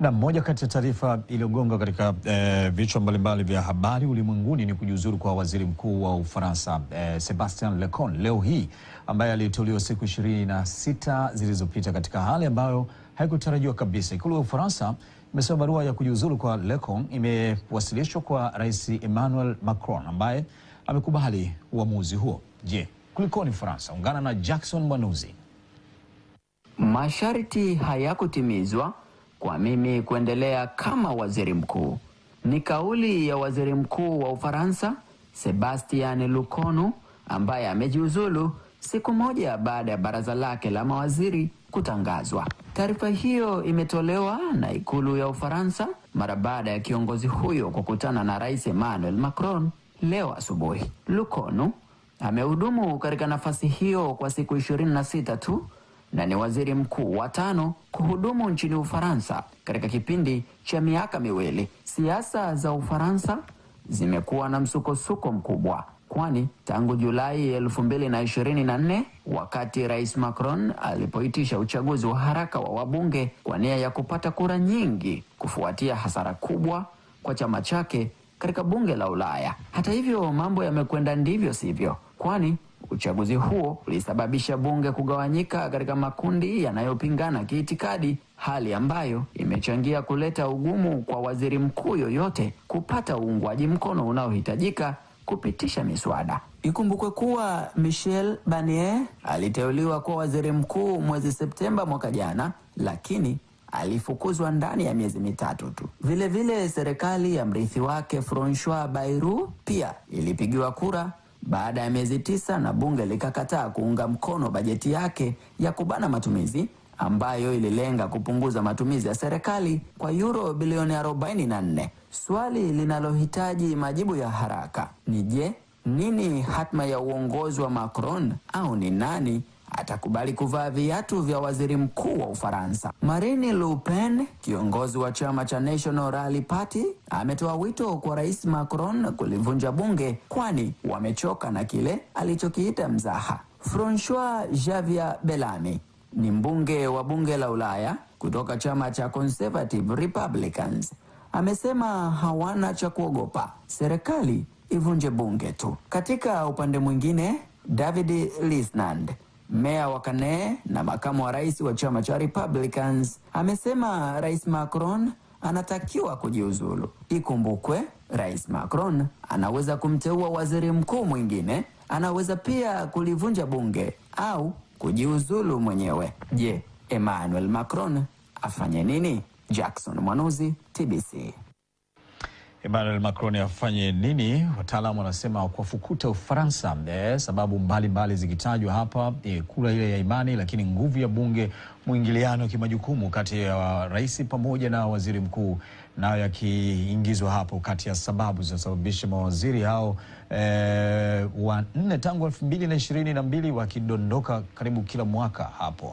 Na moja kati ya taarifa iliyogonga katika eh, vichwa mbalimbali vya habari ulimwenguni ni kujiuzuru kwa waziri mkuu wa Ufaransa eh, Sebastian lecon leo hii, ambaye aliteuliwa siku ishirini na sita zilizopita katika hali ambayo haikutarajiwa kabisa. Ikulu ya Ufaransa imesema barua ya kujiuzuru kwa lecon imewasilishwa kwa Rais Emmanuel Macron ambaye amekubali uamuzi huo. Je, kulikoni Ufaransa? Ungana na Jackson Mwanuzi. Masharti hayakutimizwa kwa mimi kuendelea kama waziri mkuu. Ni kauli ya waziri mkuu wa Ufaransa Sebastian lukonu ambaye amejiuzulu siku moja baada ya baraza lake la mawaziri kutangazwa. Taarifa hiyo imetolewa na ikulu ya Ufaransa mara baada ya kiongozi huyo kukutana na rais Emmanuel Macron leo asubuhi. lukonu amehudumu katika nafasi hiyo kwa siku 26 tu na ni waziri mkuu wa tano kuhudumu nchini Ufaransa katika kipindi cha miaka miwili. Siasa za Ufaransa zimekuwa na msukosuko mkubwa kwani tangu Julai 2024 wakati Rais Macron alipoitisha uchaguzi wa haraka wa wabunge kwa nia ya kupata kura nyingi kufuatia hasara kubwa kwa chama chake katika bunge la Ulaya. Hata hivyo, mambo yamekwenda ndivyo sivyo, kwani Uchaguzi huo ulisababisha bunge kugawanyika katika makundi yanayopingana kiitikadi, hali ambayo imechangia kuleta ugumu kwa waziri mkuu yoyote kupata uungwaji mkono unaohitajika kupitisha miswada. Ikumbukwe kuwa Michel Barnier aliteuliwa kuwa waziri mkuu mwezi Septemba mwaka jana, lakini alifukuzwa ndani ya miezi mitatu tu. Vilevile, serikali ya mrithi wake Francois Bayrou pia ilipigiwa kura baada ya miezi tisa na bunge likakataa kuunga mkono bajeti yake ya kubana matumizi ambayo ililenga kupunguza matumizi ya serikali kwa euro bilioni 44. Swali linalohitaji majibu ya haraka ni je, nini hatma ya uongozi wa Macron au ni nani atakubali kuvaa viatu vya waziri mkuu wa Ufaransa. Marine Le Pen, kiongozi wa chama cha National Rally Party, ametoa wito kwa Rais Macron kulivunja bunge, kwani wamechoka na kile alichokiita mzaha. Francois Javier Bellamy ni mbunge wa bunge la Ulaya kutoka chama cha Conservative Republicans amesema hawana cha kuogopa, serikali ivunje bunge tu. Katika upande mwingine, David Lisnand Meya wa Kane na makamu wa rais wa chama cha Republicans amesema Rais Macron anatakiwa kujiuzulu. Ikumbukwe, Rais Macron anaweza kumteua waziri mkuu mwingine, anaweza pia kulivunja bunge au kujiuzulu mwenyewe. Je, Emmanuel Macron afanye nini? Jackson Mwanuzi, TBC. Emmanuel Macron afanye nini? Wataalamu wanasema kuwafukuta Ufaransa eh, sababu mbalimbali zikitajwa hapa eh, kura ile ya imani, lakini nguvu ya bunge, mwingiliano kimajukumu kati ya rais pamoja na waziri mkuu, nayo yakiingizwa hapo kati ya sababu zinasababisha mawaziri hao e, wanne tangu elfu mbili na ishirini na mbili wakidondoka karibu kila mwaka hapo.